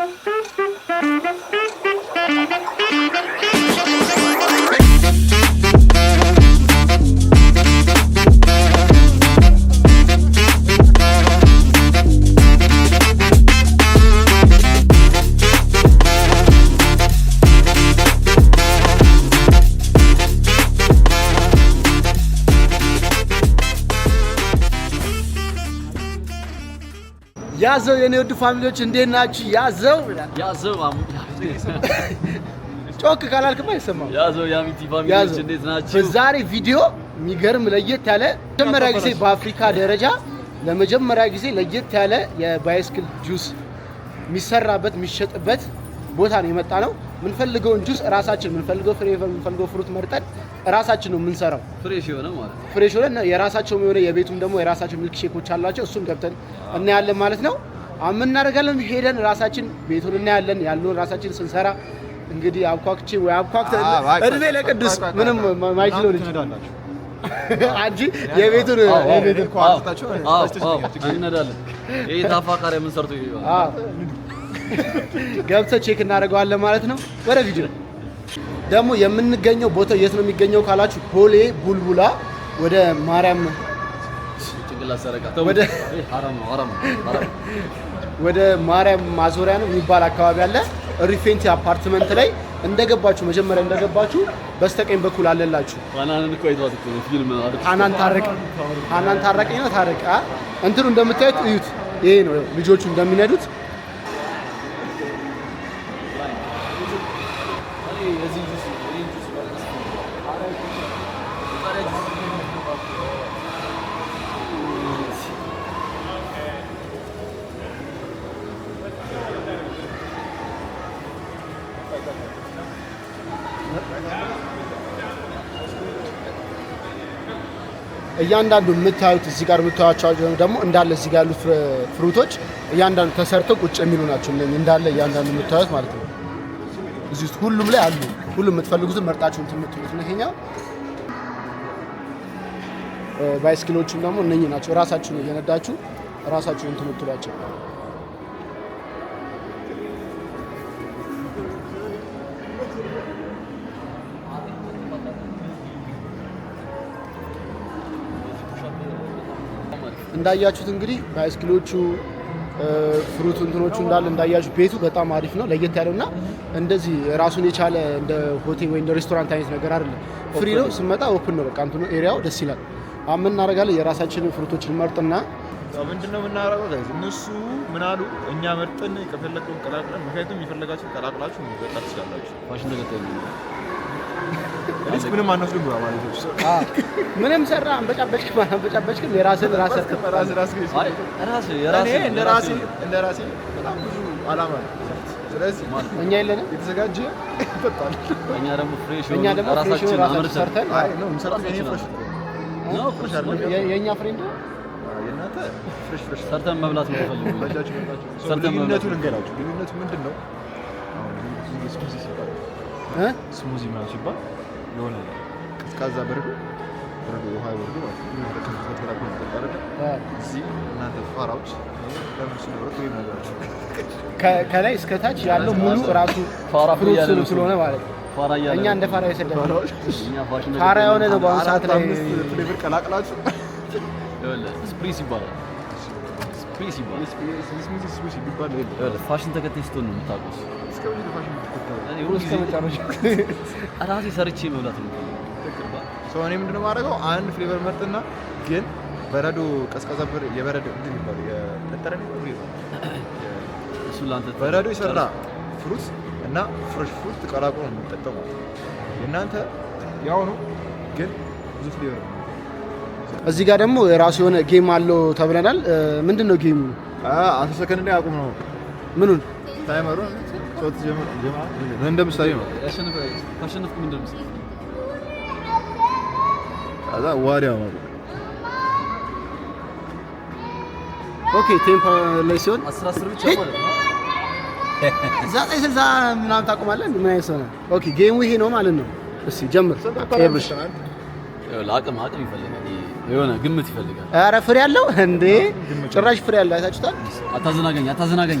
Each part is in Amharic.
Thank you. ያዘው የኔ ወዱ ፋሚሊዎች እንዴት ናችሁ? ያዘው ያዘው ጮክ ካላልክማ አይሰማም። ያዘው ያሚቲ ፋሚሊዎች እንዴት ናችሁ? በዛሬ ቪዲዮ የሚገርም ለየት ያለ መጀመሪያ ጊዜ በአፍሪካ ደረጃ ለመጀመሪያ ጊዜ ለየት ያለ የባይስክል ጁስ የሚሰራበት የሚሸጥበት ቦታ ነው የመጣ ነው። የምንፈልገውን ጁስ እራሳችን የምንፈልገው ፍሬ የምንፈልገው ፍሩት መርጠን እራሳችን ነው የምንሰራው። ፍሬሽ የሆነ ማለት ፍሬሽ የሆነ የራሳቸው የሆነ የቤቱም ደግሞ የራሳቸው ሚልክ ሼኮች አሏቸው። እሱም ገብተን እናያለን ማለት ነው። አሁን ሄደን ራሳችን ቤቱን እናያለን። ያሉን ራሳችን ስንሰራ እንግዲህ አብኳክቺ ወይ አብኳክተ እድሜ ለቅዱስ ምንም ማይችለው ልጅ አንጂ የቤቱን የቤቱን ኳንታቸው እንነዳለን። ይሄ ታፋቃሪ ምን ሰርቶ ይባላል። ገብተህ ቼክ እናደርገዋለን ማለት ነው። ወደ ቪዲዮ ደግሞ የምንገኘው ቦታ የት ነው የሚገኘው ካላችሁ፣ ቦሌ ቡልቡላ ወደ ማርያም ጭንቅላት ሰረቃ ወደ ወደ ማርያም ማዞሪያ ነው የሚባል አካባቢ አለ። ሪፌንቲ አፓርትመንት ላይ እንደገባችሁ መጀመሪያ እንደገባችሁ በስተቀኝ በኩል አለላችሁ። ሀናን ታረቅ ሀናን ታረቅ ነው ታረቅ እንትኑ እንደምታዩት እዩት። ይሄ ነው ልጆቹ እንደሚነዱት እያንዳንዱ የምታዩት እዚህ ጋር የምታዩቸው ደግሞ እንዳለ እዚህ ጋር ያሉት ፍሩቶች እያንዳንዱ ተሰርተው ቁጭ የሚሉ ናቸው። እነ እንዳለ እያንዳንዱ የምታዩት ማለት ነው። እዚህ ውስጥ ሁሉም ላይ አሉ። ሁሉም የምትፈልጉትን መርጣችሁ እንትን የምትሉት ነው። ይሄኛው ባይስኪሎቹም ደግሞ እነኚህ ናቸው። ነው እየነዳችሁ ራሳችሁን እንትን የምትሏቸው እንዳያችሁት እንግዲህ ባይስክሎቹ ፍሩት እንትኖቹ እንዳለ እንዳያችሁ ቤቱ በጣም አሪፍ ነው፣ ለየት ያለው እና እንደዚህ ራሱን የቻለ እንደ ሆቴል ወይ እንደ ሬስቶራንት አይነት ነገር አይደለም። ፍሪ ነው፣ ስመጣ ኦፕን ነው። በቃ እንትኑ ኤሪያው ደስ ይላል። አሁን ምን እናደርጋለን? የራሳችንን ፍሩቶችን መርጥና ምንድን ነው የምናደርገው? እነሱ ምን አሉ? እኛ መርጥን የፈለግከውን ቀላቅለን፣ ምክንያቱም የፈለጋችሁን ቀላቅላችሁ መጠጣት ትችላላችሁ። ምንም አንወስድም ማለት ነው። ምንም ሰራ አንበጫበጭክም አላንበጫበጭክም የራስህን ራስህ እንደ ራሴ በጣም ብዙ አላማ ነው። ስለዚህ እኛ የለንም የተዘጋጀ ይጠጣል። እኛ ደግሞ ፍሬሽ ራሳችን ሰርተን የእኛ ፍሬ እንደው የእናንተ ፍሬሽ ፍሬሽ ሰርተን መብላት ነው የምፈልገው። ልዩነቱን እንገናቸው። ልዩነቱ ምንድን ነው? ስሙዚ ምናምን ሲባል የሆነ ቀዝቃዛ በርዶ በርዶ ውሃ በርዶ እዚህ እናንተ ፋራዎች ከላይ እስከ ታች ያለው ሙሉ እራሱ ፍሩት ስለሆነ ማለት ነው። እኛ እንደ ፋራ የሰደደ ፋራ የሆነ ነው። በአሁኑ ሰዓት ላይ ፍሌቨር ቀላቅላችሁ ስፕሪስ ይባላል። ስፕሪስ ይባላል። ፋሽን ተከታይ ስትሆን ነው የምታውቀው የሆነ እስከ መጨረሻ ራሴ ሰርቼ መብላት ነው። ሰው እኔ ምንድነው ማድረገው አንድ ፍሌቨር መርጥና ግን በረዶ ቀዝቀዛ ብር የበረዶ እንትን ይባላል የጠጠረ በረዶ የሰራ ፍሩት እና ፍሬሽ ፍሩት ተቀላቅሎ ነው የምንጠቀሙ። የእናንተ ያው ነው ግን ብዙ ፍሌቨር ነው። እዚህ ጋር ደግሞ የራሱ የሆነ ጌም አለው ተብለናል። ምንድን ነው ጌሙ? አስር ሰከንድ ላይ አቁም ነው ምኑን ታይመሩን ጨዋታ ጀመረ ጀመረ ምሳሌ ነው ያሸነፍኩ ምንድን ነው ከዛ ዋሪያ ኦኬ ቴምፓ ላይ ሲሆን እዛ ብቻ ስልሳ ምናምን ታቆማለህ። ምን አይነት ሰው ነህ? ኦኬ ጌሙ ይሄ ነው ማለት ነው። እስኪ ጀምር። አቅም አቅም ይፈልጋል፣ የሆነ ግምት ይፈልጋል። ኧረ ፍሬ አለው እንዴ! ጭራሽ ፍሬ አለው። አይታችሁታል። አታዘናገኝ አታዘናገኝ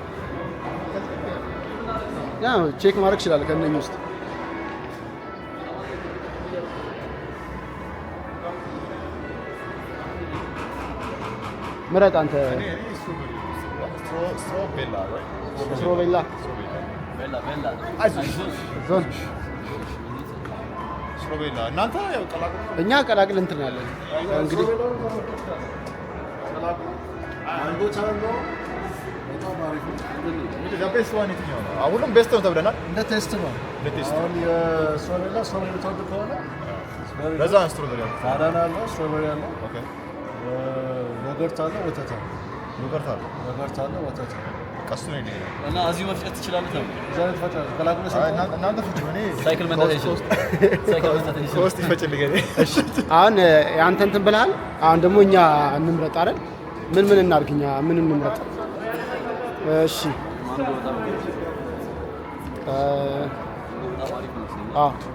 ቼክ ማድረግ ይችላል ከእነኝ ውስጥ ምረጥ አንተ ስትሮቤላ እኛ ቀላቅል እንትን ያለን እንግዲህ አሁንም ቤስት ነው ተብለናል። እንደ ቴስት ነው። አሁን የስትሮበሪና ስትሮበሪ ተወዱ ከሆነ በዛ ስትሮበሪ አለ፣ ባናና አለ፣ ስትሮበሪ አለ፣ ዮገርት አለ፣ ወተት አለ፣ ዮገርት አለ፣ ዮገርት አለ፣ ወተት አለ። አሁን አንተ እንትን ብለሃል። አሁን ደግሞ እኛ እንምረጥ አይደል? ምን ምን እናድርግ? እኛ ምን እንምረጥ? እሺ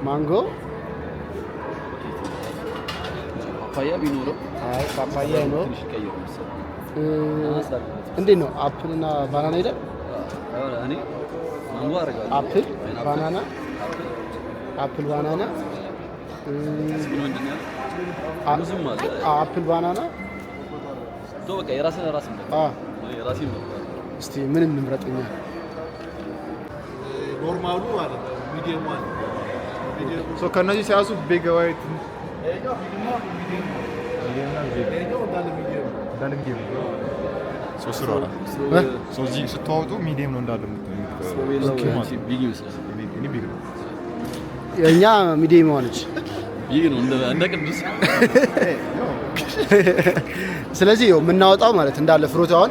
ማንጎ ፓፓያ ቢኖረው ፓፓያ ይኖር። እንዴት ነው አፕል እና ባናና ይላል? አፕል ባናና አፕል ባናና አፕል ባናና እስቲ ምን እንምረጥኛ? ኖርማሉ ማለት ሚዲየም ማለት ከነዚህ ሲያዙ ቢግ ዋይት ስትዋውጡ ሚዲየም ነው እንዳለ የእኛ ሚዲየም ሆነች። ስለዚህ የምናወጣው ማለት እንዳለ ፍሩት አሁን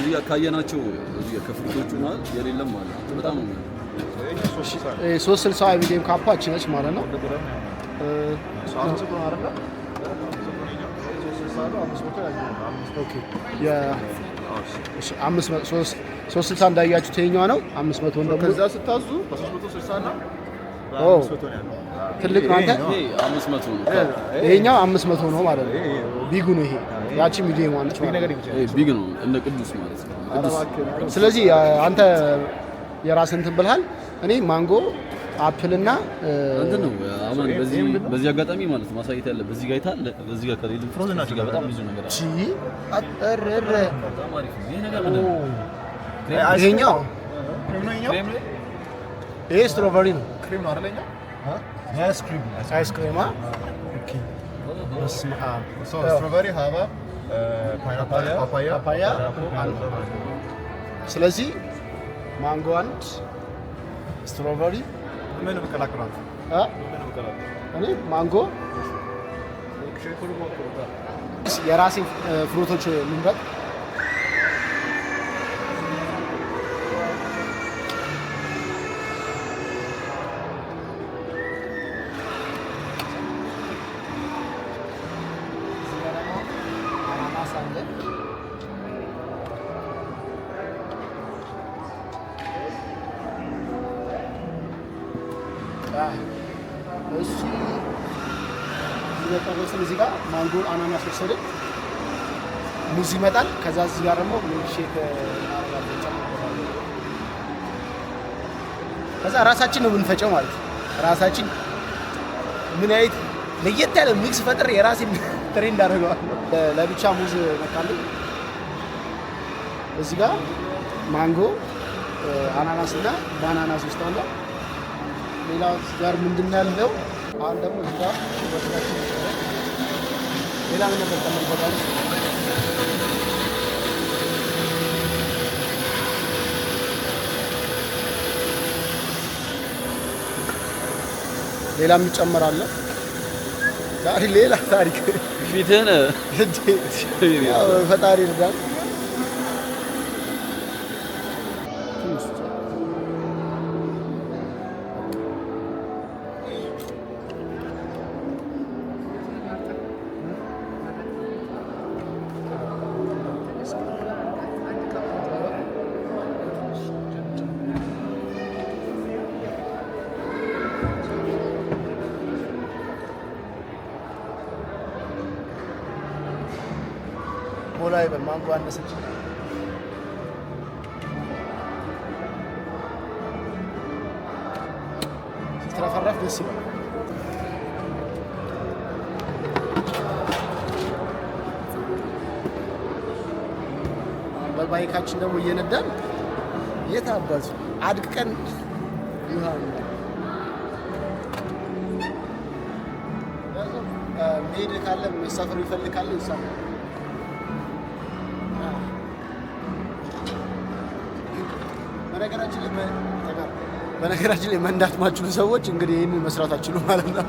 እዚህ ካየናቸው ከፍሪቶቹ ማለት የሌለም ማለት በጣም ነው። ሶስት ስልሳ አይቪዲም ነች ማለት ነው። ሶስት ስልሳ እንዳያችሁት ነው። አምስት መቶ ከዛ ስታዙ ትልቅ ማለት ይሄኛው አምስት መቶ ነው ማለት ነው። ቢጉ ነው ይሄ ያቺ ሚዲየም ዋነች ቢግ ነው እንደ ቅዱስ ማለት ነው። ስለዚህ አንተ የራስህ እንትን ብልሃል። እኔ ማንጎ አፕል እና እንትን ነው አሁን በዚህ አጋጣሚ ማለት ነው ማሳየት ያለ በዚህ ጋር ይታል በዚህ ጋር ከሌለ ፍሮዝ ናቸው ጋር በጣም ብዙ ነገር አለ። እሺ አጠረረ ይሄኛው ይሄ ስትሮበሪ ነው። አይስክሪም ነው አይደለኛ? አይስክሪም አይስክሪም። ኦኬ። ስትሮበሪ፣ ሀባብ፣ ፓፓያ። ስለዚህ ማንጎ አንድ፣ ስትሮበሪ ምን ብቀላቅሏል? እኔ ማንጎ የራሴ ፍሩቶች ልንበት ሙዝ ይመጣል። ከዛ እዚህ ጋር ደግሞ ሚልክሼክ ከዛ ራሳችን ነው የምንፈጨው ማለት ነው። ራሳችን ምን አይነት ለየት ያለ ሚክስ ፈጥር የራሴ ትሬንድ አደርገዋል። ለብቻ ሙዝ መጣለ። እዚህ ጋር ማንጎ፣ አናናስ እና በአናናስ ውስጥ አለ። ሌላ ጋር ምንድን ያለው አሁን ደግሞ እዚህ ጋር ሌላ ምን ነበር ሌላም ይጨመራል። ዛሬ ሌላ ታሪክ ፊትህን ፈጣሪ ይርዳል። አይበል ማንጎ አነሰች። ስትረፈረፍ ደስ ይላል። በባይካችን ደግሞ እየነዳን የት አባቱ አድቅቀን መሄድ ካለ መሳፈር ይሳፈር። በነገራችን ላይ መንዳት ማችሉ ሰዎች እንግዲህ ይህንን መስራት አችሉ ማለት ነው።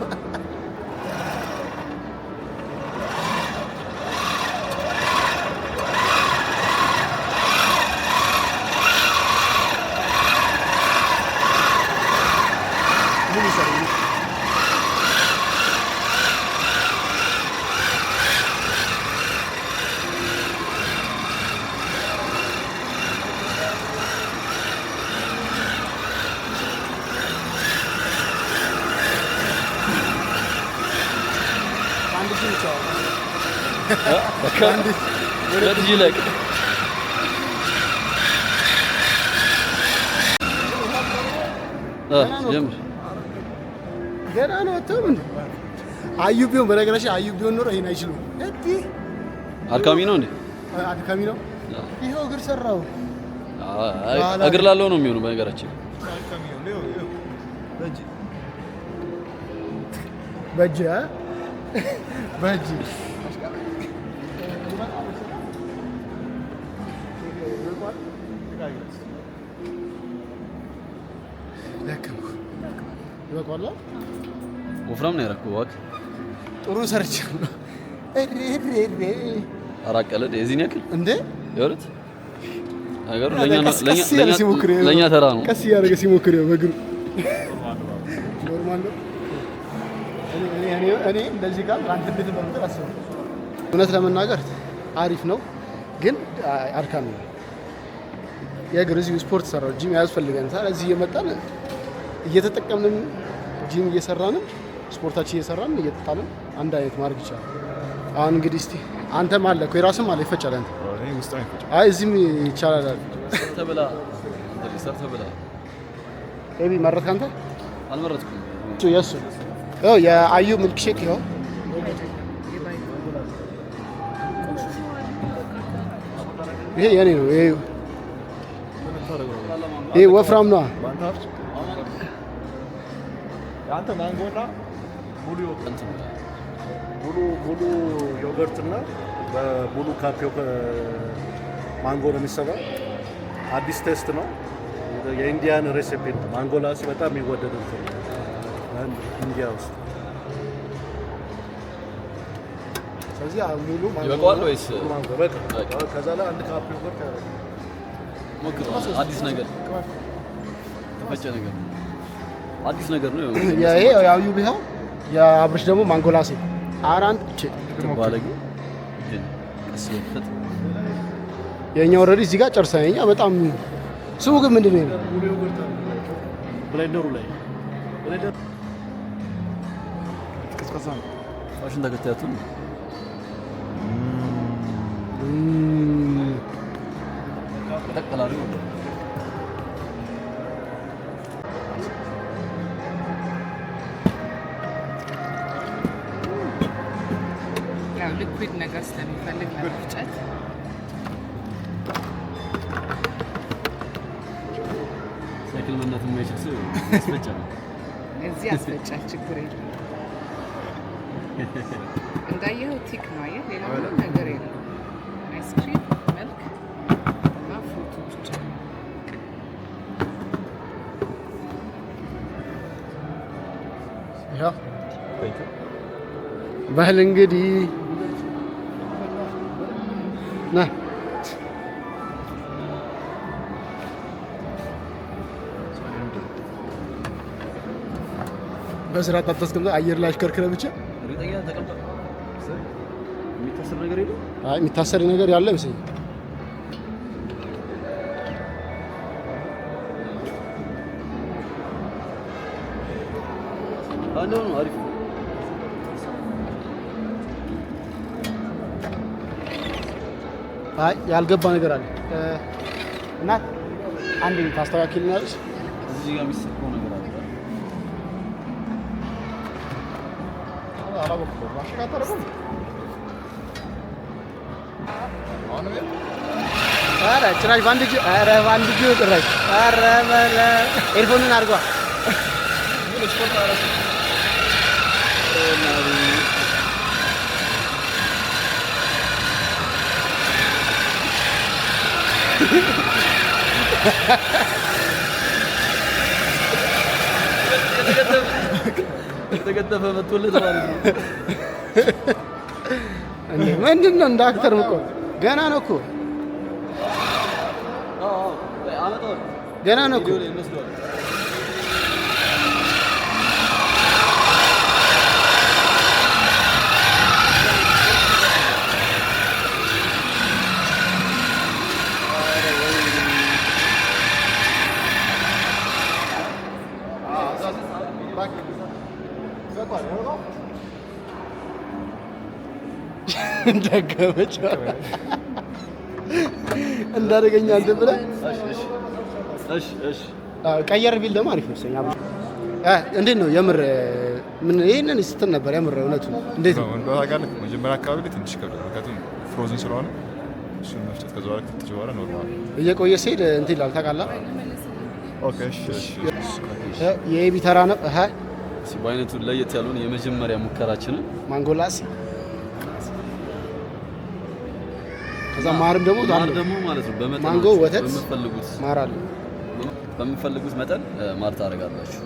ከዚህ ይለቅ ገና ነው። አታውም አዩ ቢሆን በነገራችን አዩ ቢሆን ኖሮ ይሄን አይችሉም። አድካሚ ነው እንዴ? አድካሚ ነው። ይኸው እግር ሰራው። እግር ላለው ነው የሚሆነው በነገራችን በእጅ ወፍራም ነው ያረኩ። እባክህ ጥሩ ሰርቻለሁ። አራት የዚህን ያክል እንዴ? የእውነት ነገሩ ለእኛ ተራ ነው። ቀስ እያደረገ ሲሞክር ኖርማል ነው። እኔ እንደዚህ ጋር እውነት ለመናገር አሪፍ ነው፣ ግን አድካሚ ነው። የእግር እዚሁ ስፖርት ሰራው ጂም ያስፈልገን እዚህ እየመጣን እየተጠቀምንም ጂም እየሰራንም ስፖርታችን እየሰራን እየጠጣንም አንድ አይነት ማድረግ ይቻላል። አሁን እንግዲህ እስቲ አንተም አለ እኮ የራስም አለ ይፈጫል። አንተ አይ እዚህም ይቻላል። ተብላ ኤቢ መረጥክ አንተ? አልመረጥኩም። የእሱ ያው የአዩ ሚልክሼክ ይኸው ይሄ የኔ ነው። ይሄ ወፍራም ነዋ። የአንተ ማንጎና ሙሉ ዮገርት ሙሉ ሙሉ ዮገርት እና በሙሉ ካፒዮ ማንጎ ነው የሚሰራ። አዲስ ቴስት ነው። የኢንዲያን ሬሲፒ ነው። ማንጎ ላሲ በጣም የሚወደድ እንትን ነው ኢንዲያ ውስጥ ስለዚህ ሙሉ ማንጎ ወይስ ከዛ ላይ አንድ ካፕ ሞክረው አዲስ ነገር ተፈጨ ነገር አዲስ ነገር ነው። ይሄ ያው ያዩ ቢኸው የአብርሽ ደግሞ ማንጎላሴ አራት ባለጊ የኛ ወረዲ እዚህ ጋር ጨርሰን የኛ በጣም ስሙ ግን ምንድን ነው ብላይነሩ ላይ ቅስቀሳ ነው ፋሽን ተከታያቱን ጠቅላሪ ሊኩዊድ ነገር ስለሚፈልግ ለመፍጨት ሳይክል መናት የማይችል ሰው ነው። እዚህ አስፈጫ ችግር የለም። እንዳየው ቲክ ነው አየህ፣ ሌላ ምንም ነገር የለም። አይስክሪም መልክ እና ፍሩቱ ብቻ ባህል እንግዲህ นะ በስርዓት አታስቀምጠው። አየር ላይ አሽከርክረ ብቻ የሚታሰር ነገር ያለ ያልገባ ነገር አለ እና አንድ ታስተካክልናለች። እዚህ ጋር የሚሰጠው ነገር አለ። ኧረ ጭራሽ በአንድ እጅ ኧረ በአንድ እጅ ጭራሽ ኧረ በለ ኤርፎንን አድርገዋል። የተገጠፈ መጥቶለት ማለት ነው። ምንድን ነው እንደ አክተር እኮ ገና ነው እኮ ገና ነው እኮ እንዳጋመች እንዳደገኛ እንትን ብለህ ቀየር ቢል ደግሞ አሪፍ መሰለኝ። እንዴት ነው የምር ይህንን ስትል ነበር የምር እውነቱ እንዴት መጀመሪያ አካባቢ ላይ ትንሽ ምክንያቱም ፍሮዝን ስለሆነ እሱን መፍጨት ከዛ በኋላ በኋላ ኖርማል እየቆየ ሲሄድ እንትን ይላል ታውቃለህ። የኤቢ ተራ ነው ለየት ያሉን የመጀመሪያ ሙከራችንን ማንጎላሴ ከዛ ማርም ደግሞ ማር ደግሞ ማለት ነው ማንጎ ወተት በምትፈልጉት ማር አለ በምትፈልጉት መጠን ማር ታደርጋላችሁ።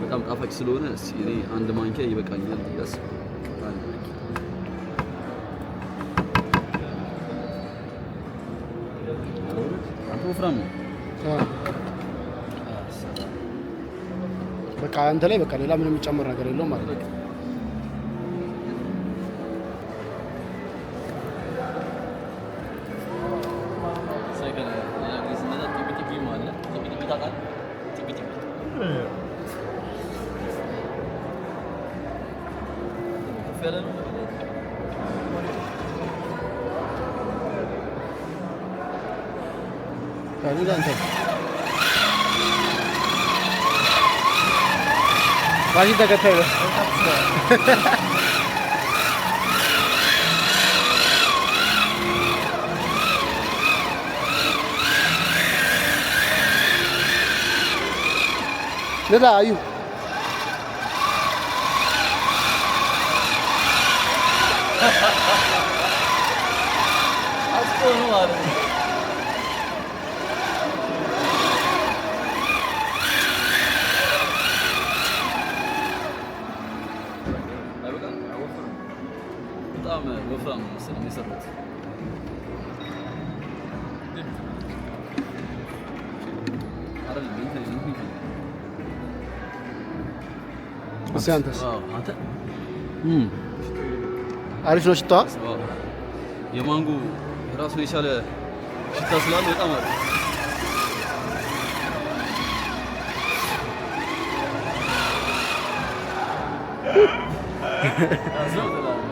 በጣም ጣፋጭ ስለሆነ እኔ አንድ ማንኪያ ይበቃኛል። ደስ ወፍራም ነው በቃ አንተ ላይ በቃ ሌላ ምንም የሚጨምር ነገር የለውም ማለት ነው። Magita Catega. Dada, are you? As por um lado. antes. Oh, antes? Hmm. አሪፍ ነው ሽታ የማንጎ ራሱን የቻለ ሽታ ስላለ በጣም አሪፍ That's not the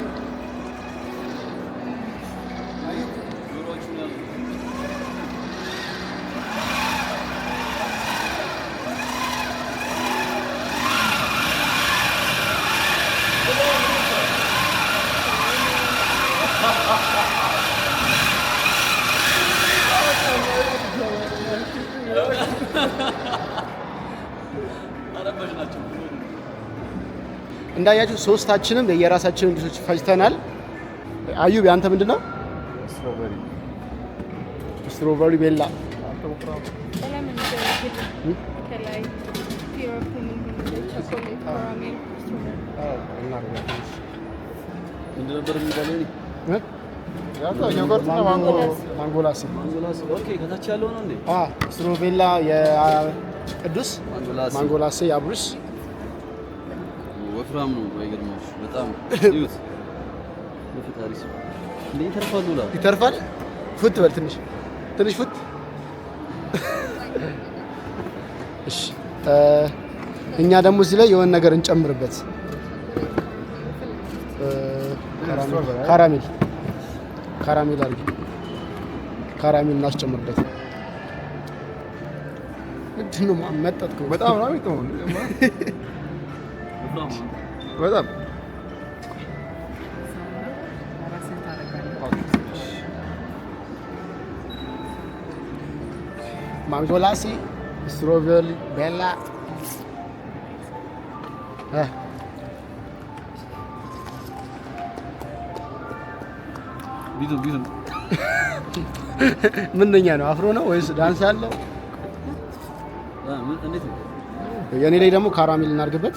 እንዳያችሁ ሶስታችንም የየራሳችንን ጁሶች ፈጭተናል። አዩብ ያንተ ምንድን ነው? ስትሮበሪ ቤላ ማንጎላስ ስትሮቤላ የቅዱስ ማንጎላሴ የአብሩስ ወፍራም ነው። ባይገርምሽ በጣም ይዩት። በፈጣሪ እንዴ ይተርፋል። ይተርፋል። ፉት በል ትንሽ ትንሽ ፉት። እሺ እኛ ደግሞ እዚህ ላይ የሆነ ነገር እንጨምርበት። ካራሜል ካራሜል አርጊ፣ ካራሜል እናስጨምርበት። ምንድን ነው መጠጥከው? በጣም ነው በጣም ማምቶላሲ ስትሮቨል ቤላ ምንኛ ነው? አፍሮ ነው ወይስ ዳንስ አለው? የእኔ ላይ ደግሞ ካራሜል እናድርግበት።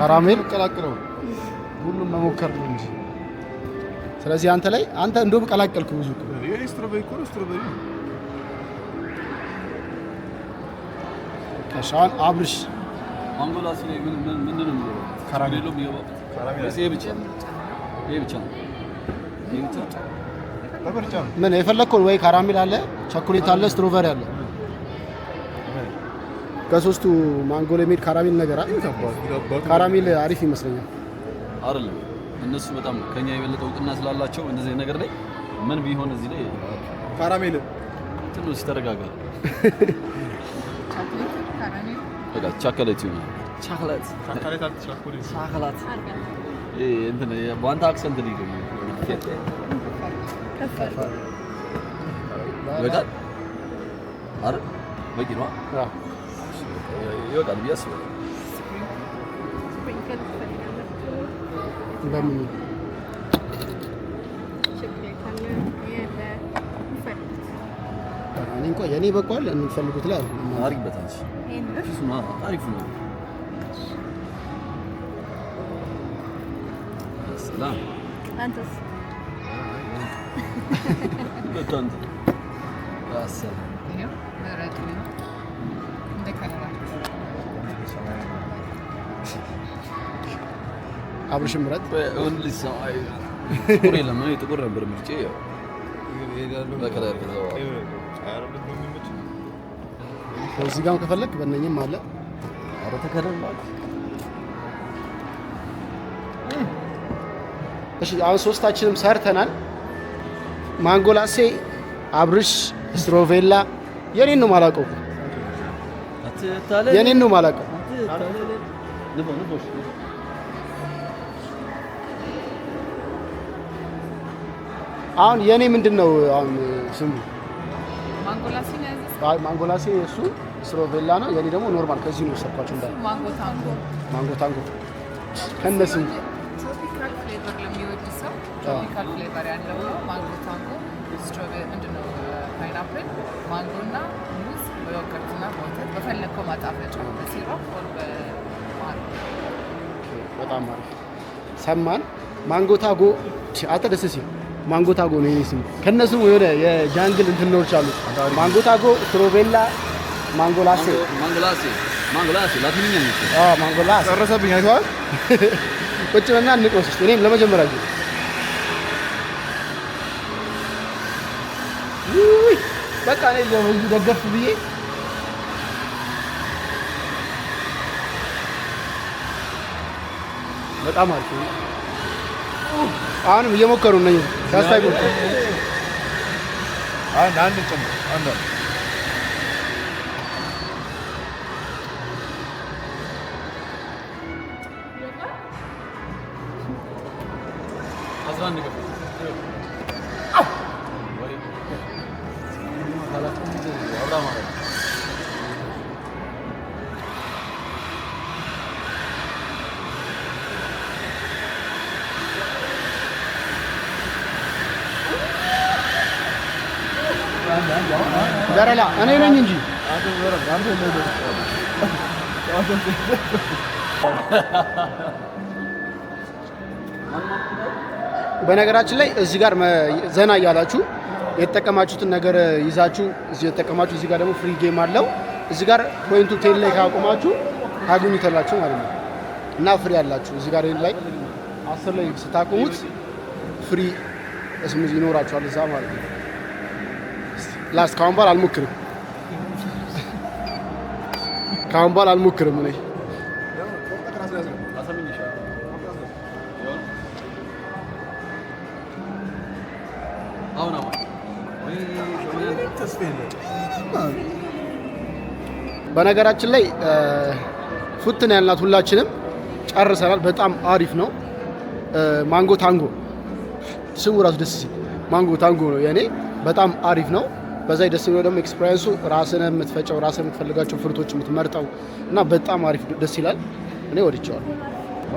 ካራሜል ቀላቅለው ሁሉም መሞከር ነው እንጂ። ስለዚህ አንተ ላይ አንተ እንደውም ቀላቀልኩ ብዙ ከሻን አብርሽ አንጎላስ ላይ ምን ምን ምን ነው እዚህ ብቻ ይሄ ብቻ ይሄ ብቻ ምን ወይ ካራሜል አለ፣ ቸኮሌት አለ፣ ስትሮቨሪ አለ ከሶስቱ ማንጎ ለሜድ ካራሜል ነገር አይደል? ካራሜል አሪፍ ይመስለኛል። አይደለም እነሱ በጣም ከኛ የበለጠ እውቅና ስላላቸው እንደዚህ ነገር ላይ ምን ቢሆን እዚህ ላይ ካራሜል ትንሽ ተረጋጋ። ቻኮሌት ይሆናል። ቻኮሌት ቻኮሌት እንትን በአንተ አክሰንት ነው በቃ አይደል? በቂ ነው። io da via solo. Bambini. እኔ እንኳ የእኔ በቋል የምትፈልጉት ላይ አሪፍ በታች ሱማ አሪፍ ነው። ሰላም አንተስ በጣም ሰላም አብርሽ ምረጥ። ጥቁር የለም ጥቁር ነበር ምርጬ እዚህ ጋር ከፈለክ በእነኝም አለ። ኧረ ተከለል እሺ። አሁን ሶስታችንም ሰርተናል። ማንጎላሴ፣ አብርሽ፣ ስትሮቬላ የኔን ነው ማላውቀው፣ የኔን ነው ማላውቀው አሁን የኔ ምንድን ነው አሁን ስሙ ማንጎላሴ እሱ ስሮቬላ ነው። የኔ ደግሞ ኖርማል ከዚህ ነው የወሰድኳቸው እንዳለ ማንጎ ታንጎ ከነሱ ትሮፒካል ፍሌቨር ለሚወድ ሰው ትሮፒካል ፍሌቨር ያለው ማንጎ ታንጎ፣ ምንድን ነው ፓይናፕል፣ ማንጎ እና ሙዝ በወተት በፈለግከው ማጣፈጫ በሲሮፕ በጣም አሪፍ ሰማን ማንጎ ታንጎ አተደስ ሲል ማንጎታጎ ነው የኔ ስም። ከነሱ ወደ የጃንግል እንትኖች አሉ። ማንጎታጎ፣ ስሮቤላ፣ ማንጎላሴ ማንጎላሴ ማንጎላሴ ላቲንኛ ነው። አዎ ማንጎላሴ ጨረሰብኝ። አይተዋል። ቁጭ በልና እንቆስ። እኔም ለመጀመሪያ ጊዜ በቃ እኔ ለሁሉ ደገፍ ብዬ በጣም አሪፍ ነው። ఆయన వియ్యమొక్కరు ఉన్నాయి శాస్త్రాయి ఆయన నాన్న ዘረላ እኔ ነኝ እንጂ በነገራችን ላይ እዚህ ጋር ዘና እያላችሁ የተጠቀማችሁትን ነገር ይዛችሁ እዚህ የተጠቀማችሁ እዚህ ጋር ደግሞ ፍሪ ጌም አለው። እዚህ ጋር ፖይንቱ ቴን ላይ ካቆማችሁ ታገኙታላችሁ ማለት ነው እና ፍሪ አላችሁ። እዚህ ጋር ላይ አስር ላይ ስታቆሙት ፍሪ ስሙዝ ይኖራችኋል እዛ ማለት ነው። ላስ ካሁን በኋላ አልሞክርም። ካሁን በኋላ አልሞክርም እኔ በነገራችን ላይ ፉትን ያልናት ሁላችንም ጨርሰናል። በጣም አሪፍ ነው። ማንጎ ታንጎ ስሙ ራሱ ደስ ሲል ማንጎ ታንጎ ነው የእኔ። በጣም አሪፍ ነው። በዛ ደስ የሚለው ደግሞ ኤክስፒሪንሱ ራስን የምትፈጨው ራስን የምትፈልጋቸው ፍርቶች የምትመርጠው እና በጣም አሪፍ ደስ ይላል። እኔ ወድጀዋለሁ።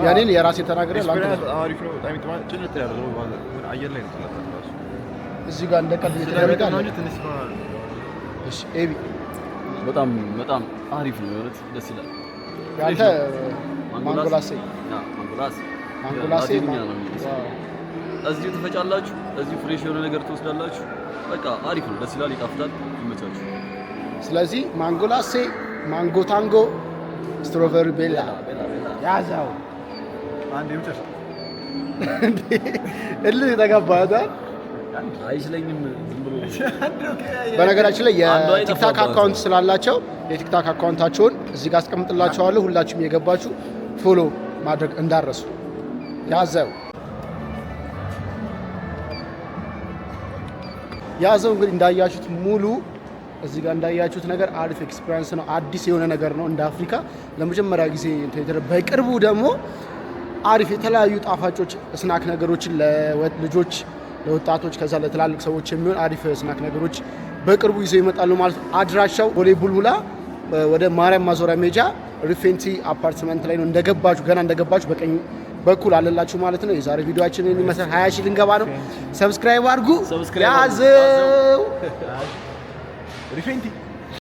ያኔን የራሴ ተናገረ እዚህ ጋር እንደ ቀልድ የተደረገ በጣም በጣም አሪፍ ነው። የእውነት ደስ ይላል። ያንተ ማንጎላሴ ማንጎላሴ እዚሁ ትፈጫላችሁ፣ እዚሁ ፍሬሽ የሆነ ነገር ትወስዳላችሁ። በቃ አሪፍ ነው፣ ደስ ይላል፣ ይጣፍጣል፣ ይመቻችሁ። ስለዚህ ማንጎ ላሴ፣ ማንጎ ታንጎ፣ ስትሮቨሪ ቤላ ያዛው አንድ ይምጭር እልህ ተጋባታል። አይችለኝም ዝም ብሎ። በነገራችን ላይ የቲክታክ አካውንት ስላላቸው የቲክታክ አካውንታቸውን እዚህ ጋር አስቀምጥላቸዋለሁ። ሁላችሁም የገባችሁ ፎሎ ማድረግ እንዳረሱ ያዘው ያዘው እንግዲህ እንዳያችሁት ሙሉ እዚህ ጋር እንዳያችሁት ነገር አሪፍ ኤክስፒሪንስ ነው። አዲስ የሆነ ነገር ነው እንደ አፍሪካ ለመጀመሪያ ጊዜ በቅርቡ ደግሞ አሪፍ የተለያዩ ጣፋጮች ስናክ ነገሮችን ለልጆች፣ ለወጣቶች ከዛ ለትላልቅ ሰዎች የሚሆን አሪፍ ስናክ ነገሮች በቅርቡ ይዘው ይመጣሉ ማለት ነው። አድራሻው ቦሌ ቡልቡላ ወደ ማርያም ማዞሪያ ሜጃ ሪፌንቲ አፓርትመንት ላይ ነው። እንደገባችሁ ገና እንደገባችሁ በቀኝ በኩል አለላችሁ ማለት ነው። የዛሬ ቪዲዮአችንን የሚመስል 20 ሺህ ልንገባ ነው። ሰብስክራይብ አድርጉ። ያዘው ሪፌንቲ